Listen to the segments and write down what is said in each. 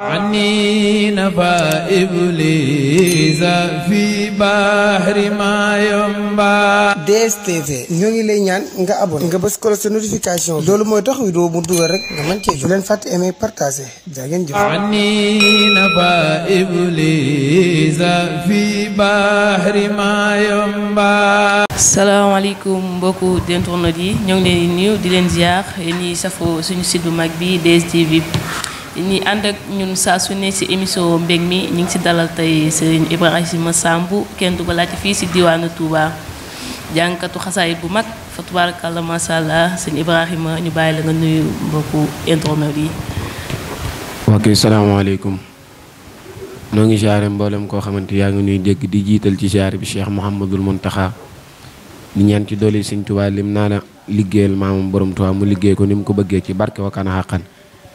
عني نفى إبليس في بحر ما ينبع DSTV ñoo ngi lay ñaan nga abonné nga bës ko sa notification loolu mooy tax vidéo mu dugal rek nga mën cee jox leen fàtte aimer partager jaa ngeen jëf عني نفى إبليس في بحر ما ينبع yi ñoo ngi leen di nuyu di leen ziar yéen ñiy safoo suñu site bu mag bi DSTV ni anda ak ñun sa su ne si émission mbeg mi ñi ci dalal tay serigne ibrahima sambu kenn du ko laajte fii si diwaanu touba jankatu khasaay bu mak fa ma sha allah serigne ibrahima ñu bay la nga nuyu mbokku internet yi salam alaykum no ngi siyaare mbolam ko xamanteni ya nga nuyu deg di jital ci siyaare bi cheikh mohammedul muntaha ni ñaan ci serigne touba lim la borom touba mu ko ko bëgge ci barke wakana xaqan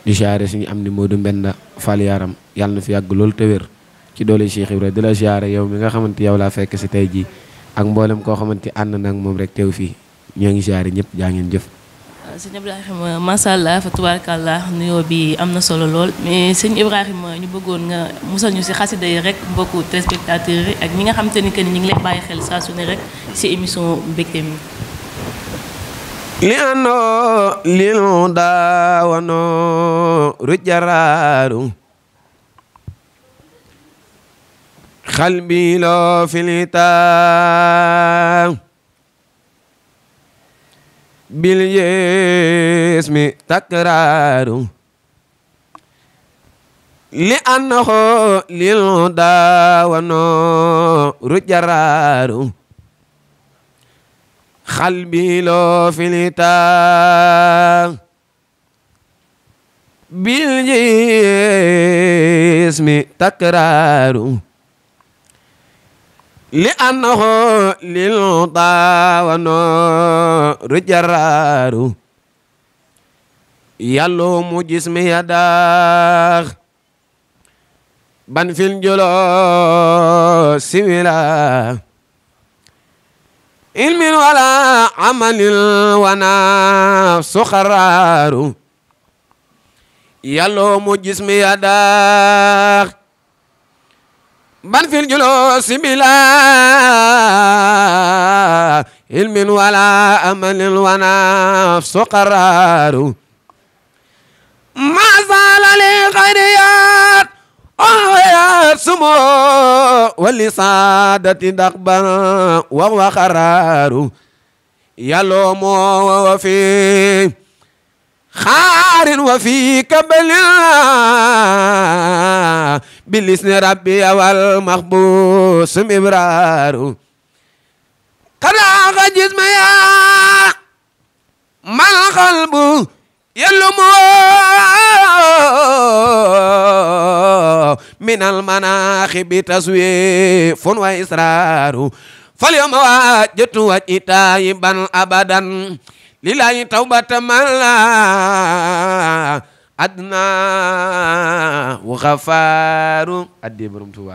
di siyaare suñu am ni Modou Mbenda Fall Yaram yàlla na fi yàgg loolu te wér ci doole Cheikh Ibrahima di la siyaare yow mi nga xamante yow laa fekk si tey jii ak mboolem koo xamante ànd na ak moom rek teew fii ñoo ngi siyaare ñëpp jaa ngeen jëf. waaw sëñ Ibrahima macha allah fa tubaarkàlla nuyoo bi am na solo lool mais sëñ Ibrahima ñu bëggoon nga musal ñu si xasida yi rek mbokku téléspectateurs yi ak ñi nga xamante ni que ni ñu ngi lay bàyyi xel saa su ne rek si émission mbégte لأنه للهدى ونور الجرار قلبي لو في الهتام بالجسم تكرار لأنه للهدى ونور الجرار xalbi loo filita bil jismi takraaru li annahu lil taawano rijaraaru yàllu mu jismi yadaax ban fil jolo siwila ilmin wala amalin wana suxaraaru yàlloo mu jismi ya daax ban fil julo sibila ilmin wala amalin wana suxaraaru ma zala li xayriyat ويا سمو ولسادة دقبر وهو قرار يلوم وفي خار وفي كبل بلسن ربي والمخبوس مبرار قد جسم يا ما القلب يلم من المناخب تزويف وإسرار فاليوم واجت وجهي تائبا أبدا لله توبة من لا أدنى وغفار أدي برمتوا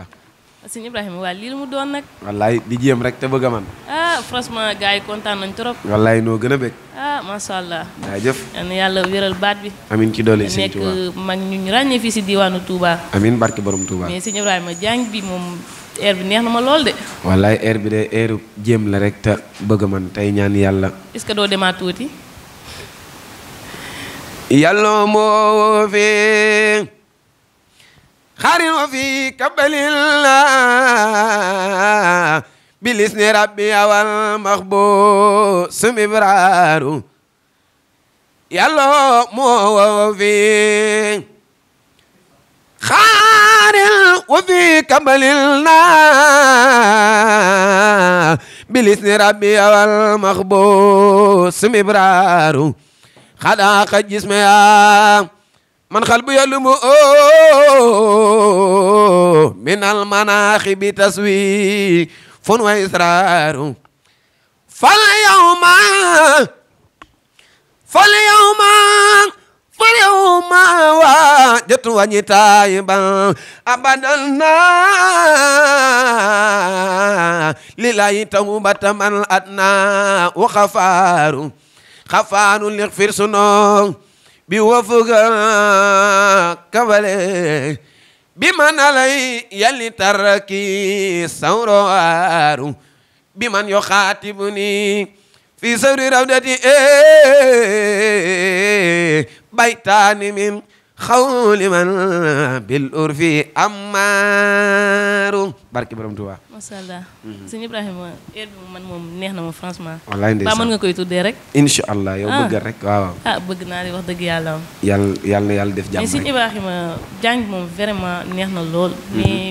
sëñ Ibrahima waa lii la mu doon nag. wallaay di jéem rek te bëgg man ah franchement gars yi kontaan nañ trop. wallaay noo gën bëgg. ah macha allah. jaajëf. na yàlla wéral baat bi. amiin ci doole sëñ Touba nekk mag ñu ñu ràññee fii si diwaanu Touba. amiin barke borom Touba. mais sëñ Ibrahima jàng bi moom air bi neex na ma lool de. wallaay air bi de airu jéem la rek te bëgg man tey ñaan yàlla. est-ce que doo demaat tuuti. yàlla fi. خارن وفي كبل الله بلسن ربي والمخبو سم إبرار يلا مو وفي خارن وفي كبل الله بلسن ربي والمخبو سم خلاق جسمي man xal bu yalumu o min al manaxibi taswi fun wa israaru fal yawma fal yawma fal yawma wa jotu wañi tayban abadalna lillahi tawbata man adna wa xafaaru xafaaru li xfir sunoo bi wafuga kawale bi man alay yalli taraki sawro waaru bi man yo xaatibu ni fi sawri rawdati e baytaani min xawli man bil urfi amaaru barki borom Tuubaa macha allah sëñ Ibrahima heure bi man moom neex na ma franchement wallaay ndeysaan ba mën nga koy tuddee rek incha allah yow ah. bëggal rek waaw ah bëgg naa di wax dëgg yàlla yàlla yàlla yàlla def jàmm mais sëñ Ibrahima jàng moom vraiment neex na lool mhm. mais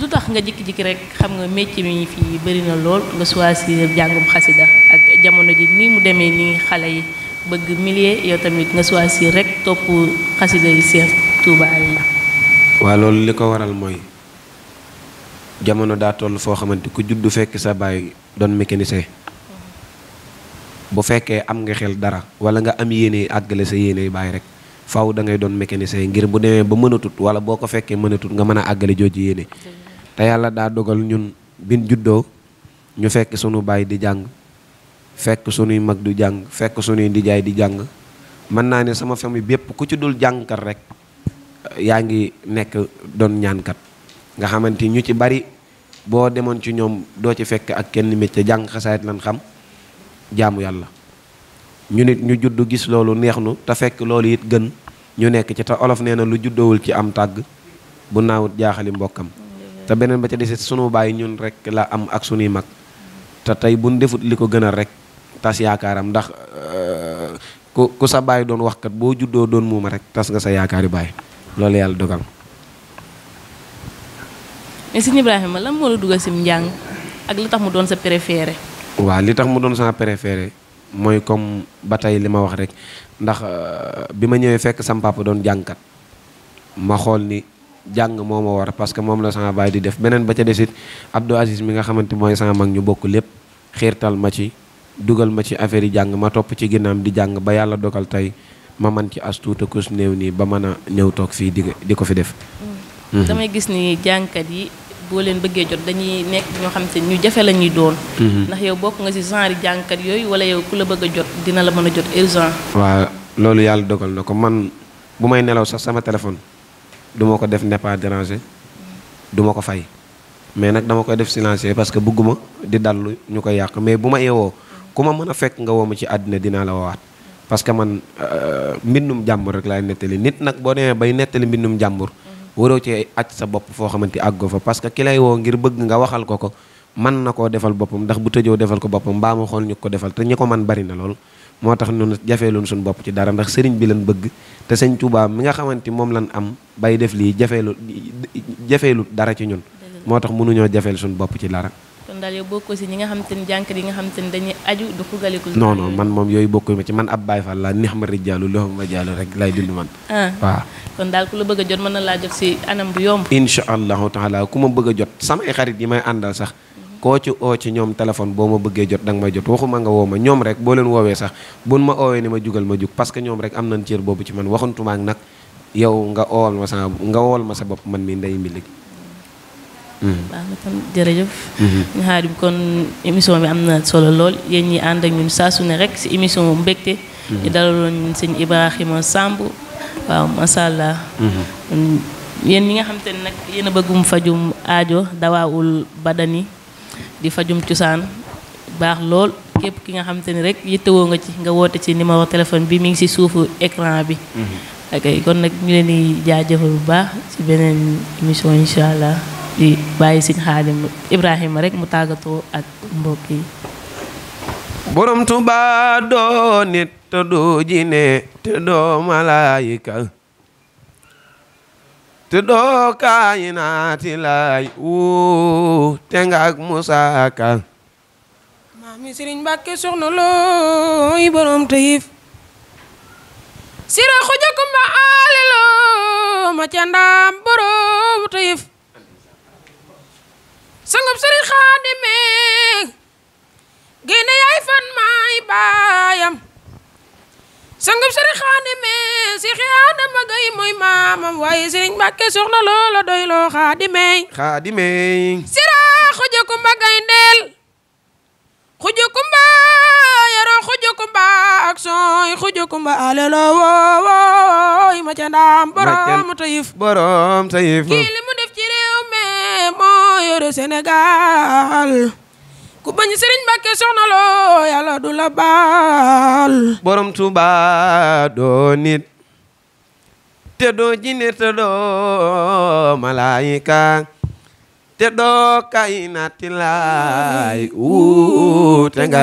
lu tax nga jikki-jikki rek xam nga métier mi fii bëri na lool nga choisir jàngum xasida ak jamono ji ni mu demee nii xale yi bëgg milier yow tamit nga choisir rek topp xasida yi cheikh touba àlla waa loolu li ko waral mooy jamono daa toll foo xamante ku juddu fekk sa baay doon mécanicien bu fekkee am nga xel dara wala nga am yéene àggale sa yéene baay rek faaw da ngay doon mécanicien ngir bu demee ba mënatut wala boo ko fekkee mënatut nga mën a àggale jooju yéene te yàlla daa dogal ñun bin juddoo ñu fekk sunu baay di jàng fekk sunuy mag du jàng fekk sunuy ndijaay di jàng mën naa ne sama famille bépp ku ci dul jàngkat rek yaa ngi nekk doon ñaankat nga xamante ñu ci bari boo demoon ci ñoom doo ci fekk ak kenn métier jàng xasaayit lan xam jaamu yàlla ñu nit ñu judd gis loolu neex nu te fekk loolu it gën ñu nekk ci te olof nee na lu juddowul ci am tàgg bu naawut jaaxali mbokkam te beneen ba ca desit sunu bàyyi ñun rek la am ak sunuy mag te tey buñ defut li ko gënal rek tas yaakaaram ndax eh, ku ku sa wakat doon wax kat bo juddo doon rek tas nga sa yaakaari bay loolu yalla dogal. e sëñ Ibrahima lam mo la sim si njàng ak li tax mu doon sa préféré. wa li tax mu doon sa préféré moy comme batay lima wax rek ndax eh, bima ñëwé fekk sam papa doon jàngkat ma xol ni. jang moo war parce que mom la sama bay di def benen ba ca desit Abdou Aziz mi nga xamanteni moy sama mag ñu bokku lepp ma ci dugal ma ci affaire yi jàng ma topp ci ginnaam di jàng ba yàlla dogal tey ma man ci as tuuta kus néew nii ba mën a ñëw toog fii di di ko fi def. Mm. Mm-hmm. damay gis ni jàngkat yi boo leen bëggee jot dañuy nekk ñoo xam te ñu jafe la ñuy doon. Mm-hmm. ndax yow bokk nga ci genre jàngkat yooyu wala yow ku la bëgg jot dina la mën a jot urgent. waa loolu yàlla dogal na ko man bu may nelaw sax sama téléphone du ma ko def ne pas duma ko fay mais nag dama koy def silencieux parce que bëgguma di dallu ñu koy yàq mais bu ma yeewoo. kuma ma mën fekk nga wama ci àddina dina la woowaat parce que man euh, mbindum jambur rek lay netali nit nak bo ne bay netali mbindum jambur woro ci acc sa kaman ti xamante pas fa parce que ki lay ngir bëgg nga waxal ko ko man nako defal bopum ndax bu tejo defal ko bopum ba mu xol ñu ko defal te ñiko man bari na lol motax tax jafé luñ suñu bop ci dara ndax sëriñ bi lañ bëgg te sëñ touba mi nga xamante mom lañ am bay def lu jafé lu dara ci ñun motax mënu ñoo jafé suñu bop ci dara àndal yow bokkoo si ñi nga xamante ni jànkat yi nga xam ni dañuy aju du xugaliku non man moom yooyu bokkul ma ci man ab Baay fa laa neex ma rijaalu loxo ma jaalu rek lay dund man ah. waaw kon la bëgg jot mën na laa jot si anam bu yomb incha allahu taala ku ma bëgg a jot samay xarit yi may àndal sax koo ci oo ci ñoom téléphone boo ma bëggee jot danga may jot waxuma nga woo ma ñoom rek boo leen woowee sax buñ ma oowee ne ma jugal ma jug parce que ñoom rek am nañ cër boobu ci man waxantumaak nag yow nga oowal ma sa nga oowal ma sa bopp man mi nday mbilig Hmm. baax na tam jërëjëf nga hmm. xaari bi kon émission bi am na solo lool yéen ñi ànd ak ñun saa su ne rek si émission mbégte hmm. ñu dalaloon sëñ Ibrahima Samb waaw macha yéen ñi nga xam te ne nag yéen a bëggum fajum aajo dawaawul badani di fajum cosaan baax lool képp ki nga xam te ne rek yittewoo nga ci nga woote ci numéro téléphone bi mi ngi si suufu écran bi ok kon nag ñu leen di jaajëfal bu baax si beneen émission incha allah di bàyyi sëñ xaadim rek mu tàggatoo ak mbokk yi. borom Tuubaa doo nit jinne te doo malaayika te doo kaayinaati laay wuu te nga ak Musaa Ka. maami Sëriñ Mbàkke soxna looy borom tayif. sira xujakum ba aale loo ma ca ndaam borom sangub sëriñ xaadimi génne yaay fan maay baayam sangub sëriñ xaadimi si xiyaadama gay muy maamam waaye sëriñ mbàkke soxna loola doy loo xaadimey xaadimey sira xuja kumba gayndeel xuja kumba yaro xuja kumba ak sooy xuja kumba alelo wooy ma ca ndaam borom tayif borom tayif yore Sénégal ku bañ sëriñ Mbàkke soxna loo yàlla du la baal borom Tuuba doo nit te doo te doo malaayika te doo kay naati laay wuute nga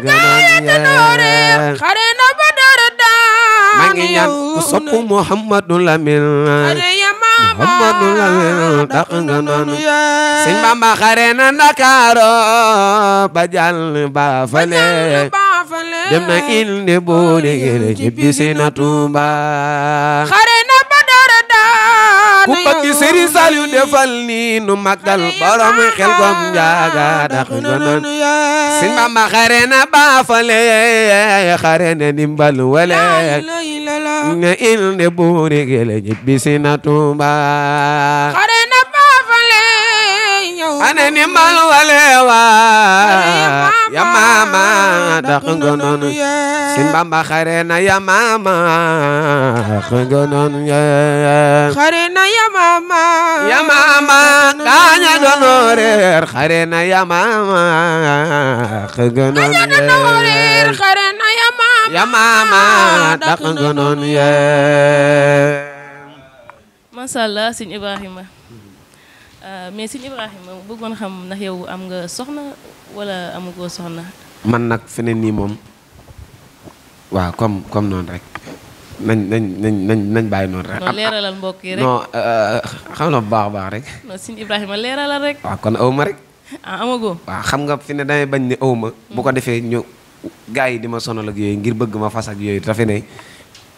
gaaya noore xare na ba dara xare na Ndakaaru ba jàll ba fale indi boole gele jibbi si na Tuuba ku bëgg Serigne Saliou defal nii nu magal borom xel gom njaaga dax nonon sin mama xare na baafale xare na ndimbal wale ne il buuri gele ñibbi si na Tuuba ane ni mal walewa ya mama da xongonon sin bamba xare ya mama ya mama ya mama kaña donorer ya mama ya mama ya mama da xongonon ye masala sin ibrahima Euh, mais sëñ Ibrahima bëggoon xam ndax yow am nga soxna wala amugoo soxna. man nag feneen nii moom waaw comme comme noonu rek nañ nañ nañ nañ nañ bàyyi noonu rek. non leeralal mbokk yi rek non euh, euh, xam na bu baax baax rek. kon aw ma rek. ah xam nga fi ne damay bañ ni aw bu ko hmm. defee ñu gars yi di ma sonal ak yooyu ngir bëgg ma fas ak yooyu dafa ne.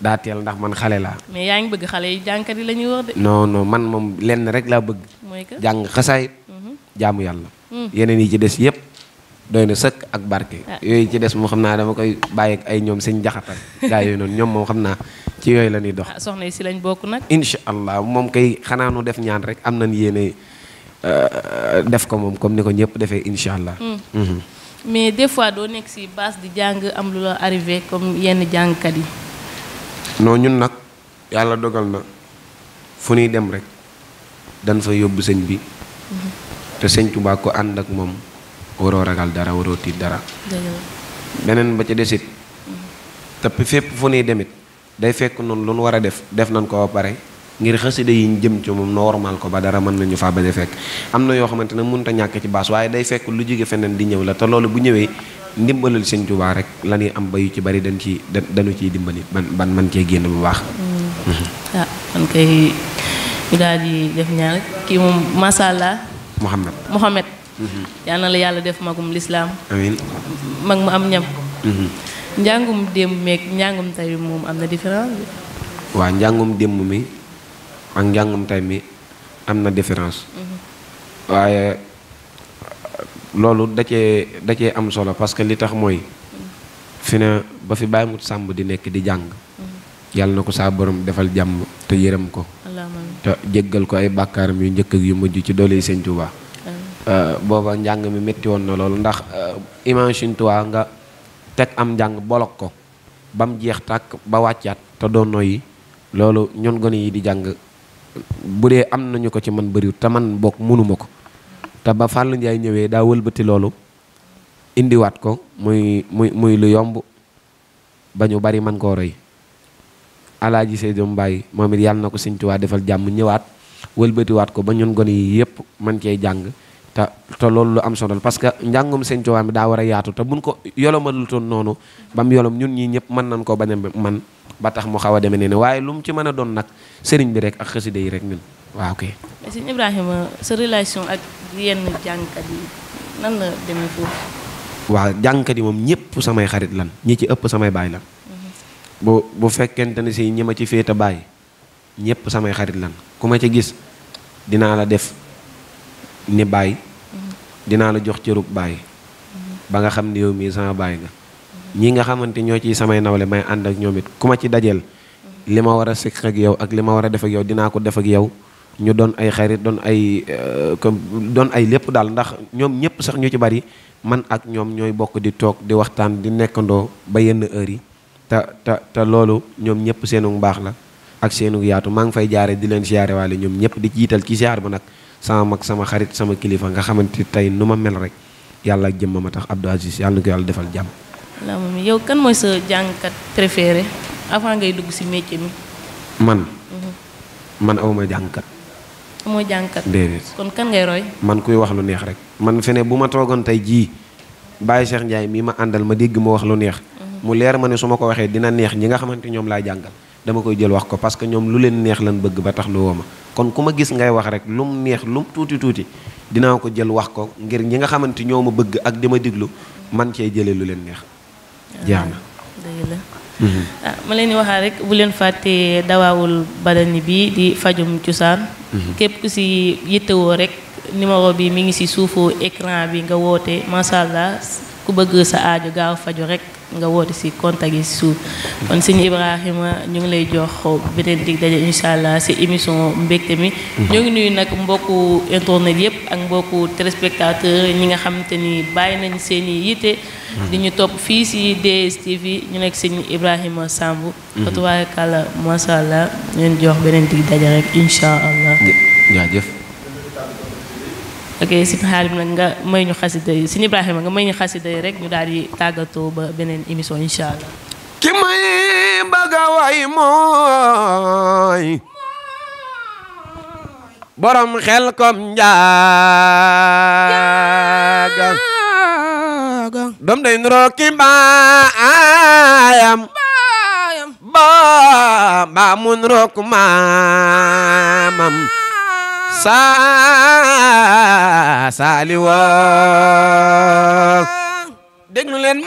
daateel ndax man xale laa. mais yaa ngi bëgg xale yi jàngkat yi la ñuy wax de. non non man moom lenn rek laa bëgg. mooy que jàng xasaay. Mhm. jaamu yàlla. Mm. yeneen yi ci des yëpp doy na sëkk ak barke. Ah. yooyu ci des moo xam naa dama koy bàyyi ak ay ñoom sëñ jaxatal gaa yooyu noonu ñoom moom xam naa ci yooyu la ñuy dox. Ah, soxna yi si lañ bokk nag. incha allah moom kay xanaa nu def ñaan rek am nañ yéene euh, def ko moom comme ni ko ñëpp defee incha allah. Mm. Mhm. mais des fois doo nekk si base di jàng am lu la arrivé comme yenn jàngkat yi. non ñun nag yàlla dogal na fu ñuy dem rek dan fa yóbbu sëñ bi mm-hmm. te sëñ Tuubaa ko ànd ak moom waroo ragal dara waroo tiit dara beneen ba ca desit mm-hmm. tapi fépp fu nuy demit day fekk noonu lu nu war a def def nañ ko ba pare ngir xasida yi ñu jëm ci moom normal ko ba dara mën nañu faa bañ a fekk am na yoo xamante ne mënut a ñàkk ci baas waaye day fekk lu jóge feneen di ñëw la te loolu bu ñëwee ndimbalal seigne Touba rek lani am bayu ci bari dañ ci dañu ci dimbali ban ban man ci genn bu baax. Mm. ah man kay ñu daal def ñaan kii moom macha allah. mohammed Mouhamed. Mm-hmm. yàlla na la yalla def magum l'islam amin mag mu am ñam. Mm-hmm. njàngum dem meeg njàngum tay moom am différence wa waa dem mi ak njàngum tay mi amna différence. Mm-hmm. waaye. loolu da cee da cee am solo parce que li tax mooy fi ne ba fi bàyyi mut sàmb di nekk di jàng yàlla na ko saa borom defal jàmm te yërëm ko te jéggal ko ay bàkkaaram yu njëkk yu mujj ci doole yi sëñ Tuubaa euh, booba njàng mi métti woon na loolu ndax euh, imagine toi nga teg am njàng bolok ko ba jeex tàkk ba wàccaat te doon noyyi loolu ñun gone yi di jàng bu dee am nañu ko ci man bëriwut te man bokk mënuma ko ta ba Fallou ñewé da wëlbeuti lolu indi wat ko muy muy muy lu yomb bañu bari man ko roy alaaji Seydou Mbaye momit yal nako seigne ko defal jamm defal wëlbeuti wat ko ba ñun goni yépp man cey jang, ta ta lolu am solo parce que njàngum seigne touba mi da wara yaatu ta buñ ko yolomalul toon noonu ba yolom ñun ñi ñepp man nan ko bañam man ba tax mu xawa demene ne ne waaye lu mu ci a nak nag bi rek ak xeside yi rek ñun waaw kay. mais sëñ Ibrahima sa relation ak yenn jàngkat yi nan la demee foofu. waaw jàngkat yi moom ñëpp samay xarit lan ñi ci ëpp samay baay lan. Mhm. bu bu fekkente ne si ñi ma ci féete baay ñëpp samay xarit lan ku ma ci gis dinaa la def ni baay. Mhm. dinaa la jox cërub baay. Mhm. ba nga xam ni yow mii sama baay nga. ñi nga xamante ñoo ciy samay nawle may ànd ak ñoom it ku ma ci dajeel. li ma war a sekk ak yow ak li ma war a def ak yow dinaa ko def ak yow. ñu doon ay xarit doon ay euh, doon ay lépp daal ndax ñoom ñëpp sax ñu ci bari man ak ñoom ñooy bokk di toog di waxtaan di nekkandoo ba yenn heure yi te te te loolu ñoom ñëpp seenu mbaax la ak seenu yaatu maa ngi fay jaare di leen siyaare waale ñoom ñëpp di jiital ci siyaar ba nag sama mag sama xarit sama kilifa nga xamante tey nu ma mel rek yàlla ak jëmm a tax Abdou Aziz yàlla na ko yàlla defal jàmm. yow kan mooy sa jàngkat préféré avant ngay dugg ci métier mi. man mhm. man awma jàngkat. mo jankat dedet kon kan ngay roy man kuy wax lu neex rek man fene buma togon tay ji Baye Cheikh ndjay mi ma andal ma deg mo wax lu neex mhm. mu leer mané ne ko waxé dina neex ñi nga xamante ñom la jangal dama koy jël wax ko parce que ñom lu leen neex lan bëgg ba tax lu woma kon kuma gis ngay wax rek lu mu neex lu mu tuti tuuti dinaa ko jël wax ko ngir ñi nga ñoma bëgg ak di diglu man cey jëlé lu leen neex ah, jaana na dëgg mhm. ah ma leen di rek badani bi di fajum cosaan Mhm. képp ku si yittewoo rek numéro bi mi ngi si suufu écran bi nga woote macha allah ku bëgg sa aaju gaaw faju rek nga woote si contact yi si suuf kon sëñ Ibrahima ñu ngi lay jox beneen dig daje incha allah si émission mbégte mi. ñoo ngi nuyu nag mbokku internet yëpp ak mbokku téléspectateur ñi nga xamante ni bàyyi nañ seen i yitte. di ñu topp fii si DSTV ñu nekk sëñ Ibrahima Samb. fatubaarakàlla macha allah ñu jox beneen dig daje rek incha allah. jaajëf. ok sëñ xaalim nag nga may ñu xasida yi ibrahima nga may ñu xasida yi rek allah ki may way mooy borom xel kom njaaga dom day ki baayam ba ba mu ku saa saaliwook déglu leen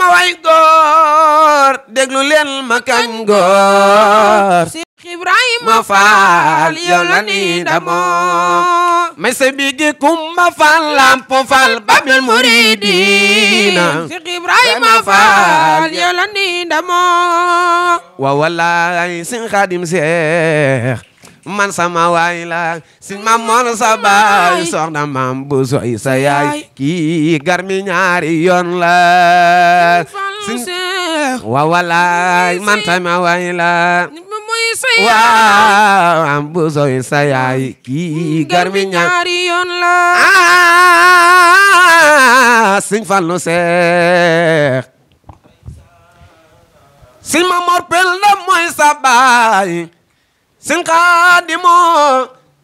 yow la nii damoo may sa bigi kumba Fall lamp Fall babil muridina Cheikh Ibrahima Fall yow la sin xaadim Cheikh man sama waay la si ma moon sa baay soxna maam bu soy sa yaay kii garmi ñaari yoon la waaw walaay man sama waay la waaw am bu soy sa yaay kii garmi ñaari yoon la ah! sëñ Fallu Seex si ma mor pel la mooy sa sëñ Xaadimu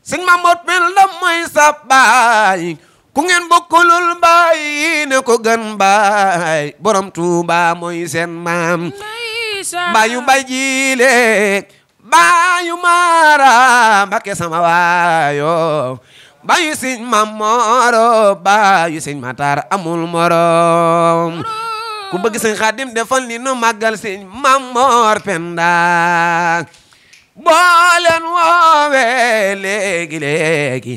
sëñ Mamot mel la mooy sa baay ku ngeen bokkulul baay ne ko gën baay borom Tuuba mooy seen maam baayu baay jiile baayu maara Mbakke sama waayo baayu sëñ Mamoro baayu sëñ Matar amul morom ku bëgg sëñ Xaadim defal ni nu màggal sëñ Mamor Penda boo leen woowee léegi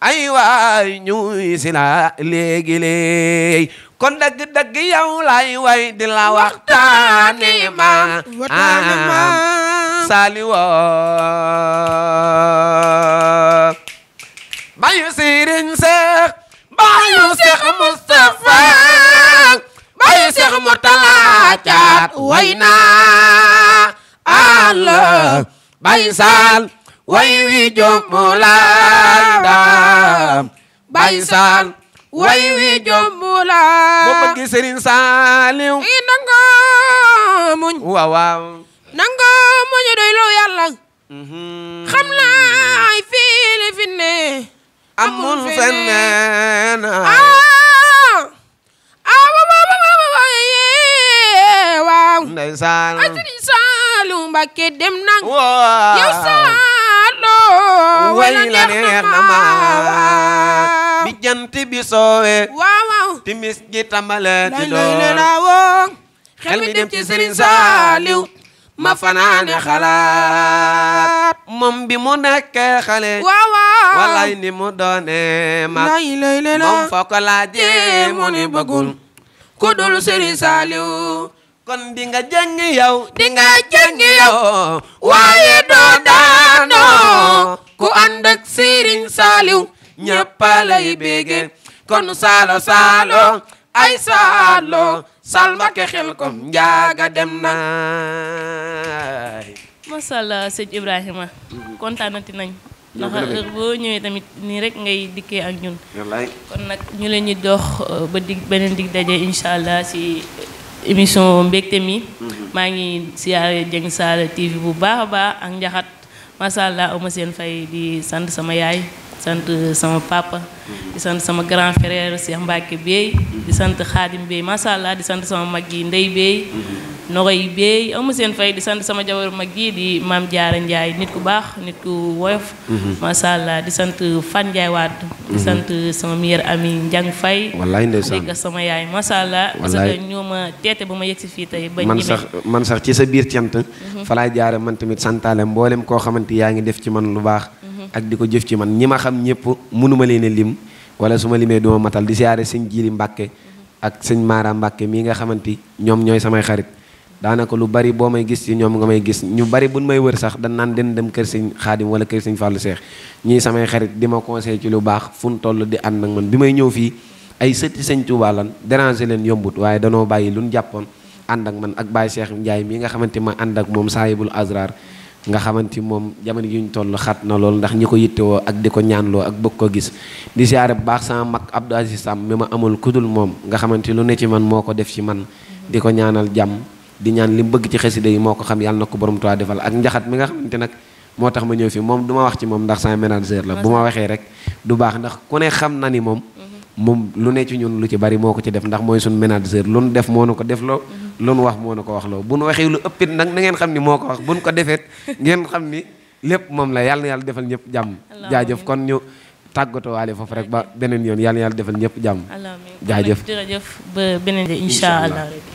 ay waay ñuy si la léegi léegi kon dëgg dëgg yow lay way di la waxtaane ma ah, saliwoo bayu sëriñ Seex bayu Seex Mustafa bayu Seex Murtala caat way Allah bay saal way wi jombulanda bay saal way wi jombula bo bëgg Serigne Saliou i nanga muñ doy lu yàlla mhm. xam naa fi li fi ne amul feneen a ah! ah, waaw waaw waaw waaw Mbàkke dem nang yow saalo wala neex na ma bi jant bi soowe waaw waaw timis gi tambale di doon xel mi dem ci Sëriñ Saaliw ma fanaane xalaat moom bi mu nekkee xale waaw waaw wallaay ni mu doone ma moom foo ko laajee mu ni bëggul ku dul Sëriñ Saaliw kon di nga jeng yow di jeng yow waaye doo daanoo ku ànd ak sëriñ saaliw bege. lay bége kon saalo saalo ay saalo salmake xel kom njaaga dem na masala sëñ ibrahima kontaanati nañ ndax heure boo ñëwee tamit nii rek ngay dikkee ak ñun kon nag ñu leen ñu dox uh, ba dig beneen dig daje incha si émission mbekk mi mhm. maa ngi siyaare Dieng Saala TV bu baax a baax ak njaxat macha allah ama seen fay di sant sama yaay sant sama papa mhm. di sant sama grand frère Cheikh Mbacke Bey di sant Khadim Bey macha di sant sama mag yi Ndey Bey nogoy beey amu seen fay di sant sama jabar mag ji di maam jaara njaay nit ku baax nit ku woyof mhm. masha di sant fan njaay waat di mhm. sant sama meilleur ami njang fay wallaay ndeysaan dégg sama yaay masha allah ñoo ma teete ba ma yegsi fii tey ba man sax man sax ci sa biir cant mhm. fa laay man tamit santaale mboolem koo xamante yaa ngi def ci man lu baax ak di ko jëf ci man ñi ma xam ñëpp mënuma leen lim wala su ma limee duma matal di siyaare sëñ jiili mbàkke ak sëñ maara mbàkke mii nga xamante ñoom ñooy samay xarit daanaka lu bari boo may gis ci ñoom nga may gis ñu bari buñ may wër sax dañ naan den dem kër sëñ xaadim wala kër sëñ Fallou Seex ñii samay xarit di ma conseillé ci lu baax fu mu toll di ak man bi may ñëw fii ay sëtti sëñ Tuubaa lan déranger leen yombut waaye danoo bàyyi lu ñu jàppoon ak man ak Baye Cheikh Ndiaye mii nga xamante ma ànd ak moom saayibul azrar nga xamante moom jamono yi ñu toll xat na lool ndax ñi ko yittewoo ak di ko ñaanloo ak bëgg ko gis di siyaare bu baax sama mag Abdou Aziz Sam mi ma amul kudul moom nga xamante lu ne ci man moo ko def ci man di ko ñaanal jàmm di ñaan li bëgg ci xasida yi moo ko xam yàlla na ko borom defal ak njaxat mi nga xamante nag moo tax ma ñëw fi moom du ma wax ci moom ndax sama manager la bu ma waxee rek du baax ndax ku ne xam na ni moom moom lu ne ci ñun lu ci bari moo ko ci def ndax mooy suñu manager lu nu def moo nu ko def loo lu nu wax moo nu ko wax loo bu nu waxee lu ëppit nag na ngeen xam ni moo ko wax bu nu ko defeet ngeen xam ni lépp moom la yàlla na yàlla defal ñëpp jàmm jaajëf kon ñu tàggatoo waale foofu rek ba beneen yoon yàlla yàlla defal ñëpp jàmm jaajëf jërëjëf